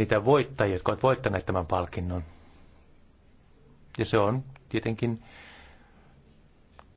niitä voittajia, jotka ovat voittaneet tämän palkinnon. Ja se on tietenkin